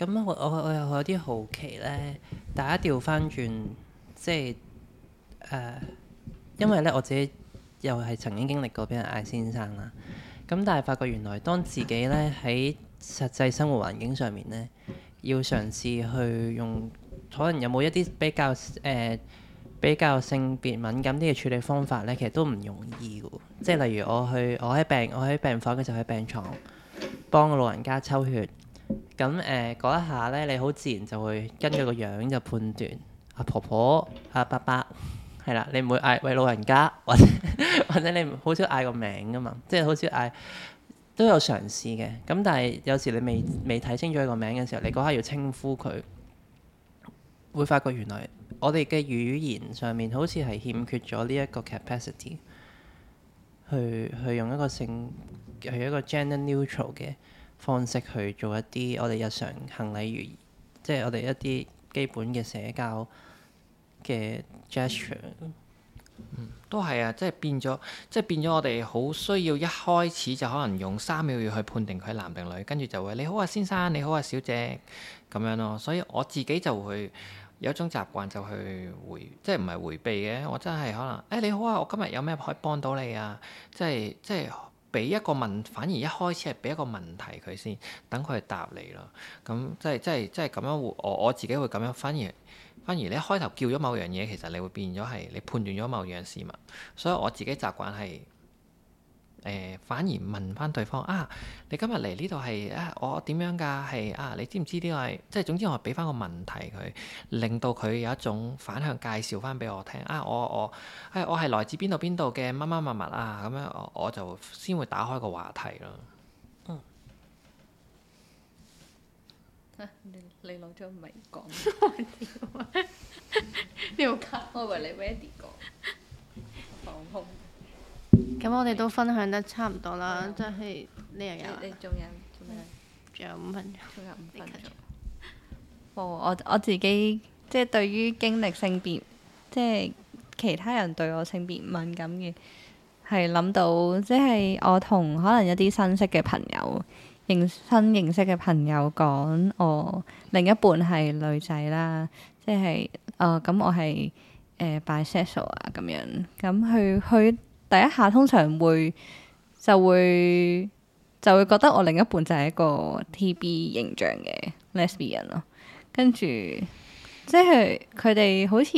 咁我我我又有啲好奇咧，大家調翻轉，即係誒、呃，因為咧我自己又係曾經經歷過俾人嗌先生啦。咁但係發覺原來當自己咧喺實際生活環境上面咧，要嘗試去用，可能有冇一啲比較誒、呃、比較性別敏感啲嘅處理方法咧，其實都唔容易㗎。即係例如我去我喺病我喺病房嘅時候喺病床幫個老人家抽血。咁誒，嗰、呃、一下咧，你好自然就會跟住個樣就判斷阿、啊、婆婆、阿伯伯係啦，你唔會嗌喂，老人家，或者或者你好少嗌個名噶嘛，即係好少嗌，都有嘗試嘅。咁但係有時你未未睇清楚個名嘅時候，你嗰刻要稱呼佢，會發覺原來我哋嘅語言上面好似係欠缺咗呢一個 capacity，去去用一個性，去一個 gender neutral 嘅。方式去做一啲我哋日常行禮如，即係我哋一啲基本嘅社交嘅 gesture，嗯，都係啊，即係變咗，即係變咗，我哋好需要一開始就可能用三秒要去判定佢男定女，跟住就會你好啊先生，你好啊小姐咁樣咯。所以我自己就會有一種習慣就去回，即係唔係回避嘅，我真係可能誒，欸，你好啊，我今日有咩可以幫到你啊，即係即係。俾一個問，反而一開始係俾一個問題佢先，等佢答你咯。咁即係即係即係咁樣，我我自己會咁樣。反而，反而你一開頭叫咗某樣嘢，其實你會變咗係你判斷咗某樣事物。所以我自己習慣係。誒、呃，反而問翻對方啊，你今日嚟呢度係啊，我點樣㗎？係啊，你知唔知呢個係？即係總之我係俾翻個問題佢，令到佢有一種反向介紹翻俾我聽啊，我我誒、哎、我係來自邊度邊度嘅乜乜物物啊，咁樣我就先會打開個話題咯、嗯啊。你你攞咗眉講，你冇 卡我？我以為你 ready 講放空咁我哋都分享得差唔多啦，即係呢樣嘢。是你仲你有仲有，有五分鐘。仲有五分鐘。冇、哦、我我自己即係、就是、對於經歷性別，即、就、係、是、其他人對我性別唔敏感嘅，係諗到即係、就是、我同可能一啲新識嘅朋友，認新認識嘅朋友講，我、哦、另一半係女仔啦，即係誒咁我係誒、呃、bisexual 啊咁樣，咁佢。去。第一下通常會就會就會覺得我另一半就係一個 TB 形象嘅 lesbian 咯、嗯，跟住即係佢哋好似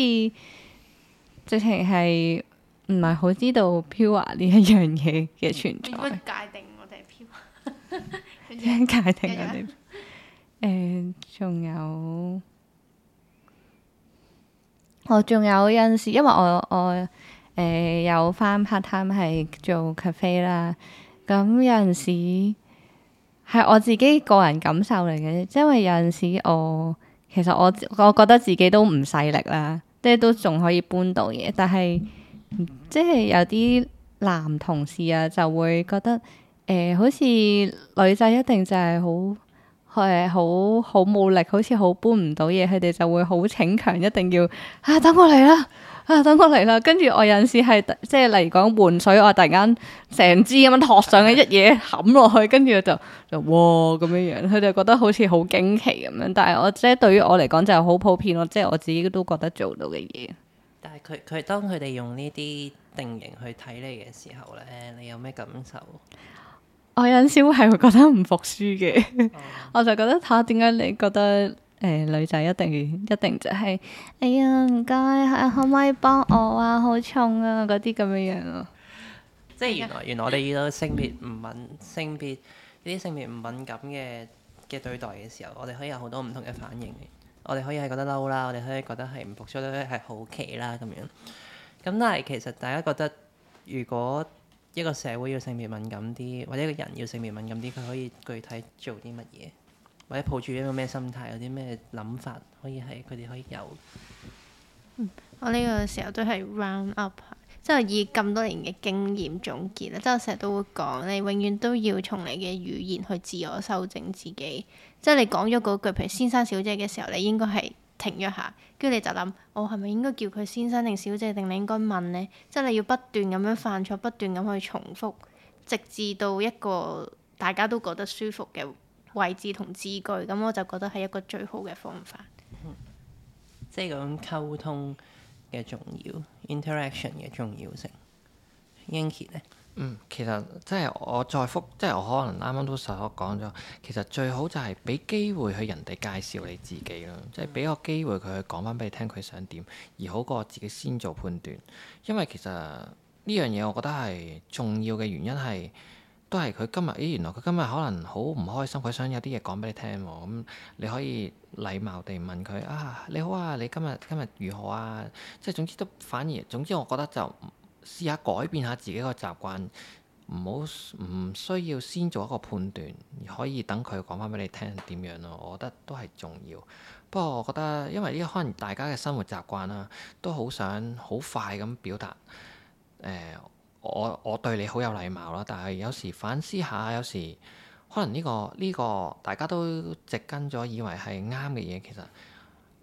直情係唔係好知道 pure 呢一樣嘢嘅存在？邊個界定我哋 pure？邊個界定我哋？仲、 uh, 有我仲、哦、有陣時，因為我我。.誒有翻 part time 係做 cafe 啦，咁有陣時係我自己個人感受嚟嘅，因為有陣時我其實我我覺得自己都唔勢力啦，即係都仲可以搬到嘢，但係、嗯、即係有啲男同事啊就會覺得誒、呃、好似女仔一定就係好。佢係好好冇力，好似好搬唔到嘢，佢哋就會好逞強，一定要啊，等我嚟啦，啊，等我嚟啦，跟住我有陣時係即係例如講換水，我突然間成支咁樣托上去 一嘢冚落去，跟住就就哇咁樣樣，佢哋覺得好似好驚奇咁樣。但係我即係對於我嚟講就係好普遍咯，即係我自己都覺得做到嘅嘢。但係佢佢當佢哋用呢啲定型去睇你嘅時候咧，你有咩感受？我有陣時係會覺得唔服輸嘅，嗯、 我就覺得睇下點解你覺得誒、呃、女仔一定一定就係、是、哎呀唔該、啊，可唔可以幫我啊？好重啊嗰啲咁樣樣咯。即係原來原來我哋遇到性別唔敏性別呢啲性別唔敏感嘅嘅對待嘅時候，我哋可以有好多唔同嘅反應。我哋可以係覺得嬲啦，我哋可以覺得係唔服輸啦，係好奇啦咁樣。咁但係其實大家覺得如果，一個社會要性別敏感啲，或者一個人要性別敏感啲，佢可以具體做啲乜嘢，或者抱住一個咩心態，有啲咩諗法可以係佢哋可以有。嗯，我呢個時候都係 round up，即係以咁多年嘅經驗總結啦。即係我成日都會講，你永遠都要從你嘅語言去自我修正自己。即係你講咗嗰句，譬如先生小姐嘅時候，你應該係。停一下，跟住你就諗，我係咪應該叫佢先生定小姐定？你應該問呢？即係你要不斷咁樣犯錯，不斷咁去重複，直至到一個大家都覺得舒服嘅位置同字句。咁我就覺得係一個最好嘅方法。嗯，即係講溝通嘅重要，interaction 嘅重要性。英杰呢？嗯，其實即係我再復，即係我可能啱啱都可講咗，其實最好就係俾機會去人哋介紹你自己咯，即係俾個機會佢去講翻俾你聽佢想點，而好過自己先做判斷。因為其實呢樣嘢我覺得係重要嘅原因係，都係佢今日，咦原來佢今日可能好唔開心，佢想有啲嘢講俾你聽喎。咁你可以禮貌地問佢啊，你好啊，你今日今日如何啊？即係總之都反而總之，我覺得就。試下改變下自己個習慣，唔好，唔需要先做一個判斷，可以等佢講翻俾你聽點樣咯。我覺得都係重要。不過我覺得，因為呢個可能大家嘅生活習慣啦，都好想好快咁表達。誒、呃，我我對你好有禮貌啦，但係有時反思下，有時可能呢、這個呢、這個大家都直跟咗，以為係啱嘅嘢，其實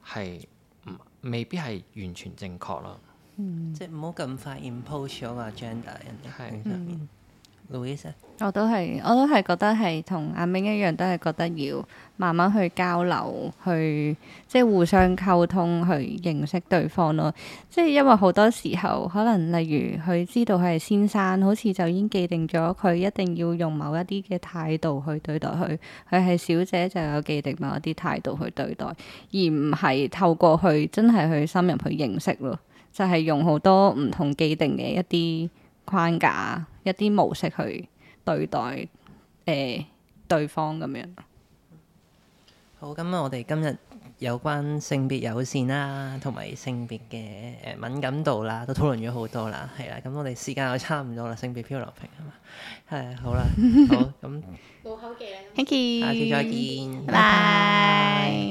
係唔未必係完全正確咯。嗯、即係唔好咁快 impose 咗個 gender 人哋係上面。嗯、Louisa，我都係，我都係覺得係同阿明一樣，都係覺得要慢慢去交流，去即係互相溝通，去認識對方咯。即係因為好多時候，可能例如佢知道佢係先生，好似就已經既定咗佢一定要用某一啲嘅態度去對待佢；佢係小姐就有既定某一啲態度去對待，而唔係透過去真係去深入去認識咯。就係用好多唔同既定嘅一啲框架、一啲模式去對待誒、呃、對方咁樣。好，咁啊，我哋今日有關性別友善啦、啊，同埋性別嘅誒敏感度啦，都討論咗好多啦。係啦，咁我哋時間又差唔多啦。性別漂流瓶啊嘛，係 好啦，好咁，好嘅，thank you，下次再見，拜 bye。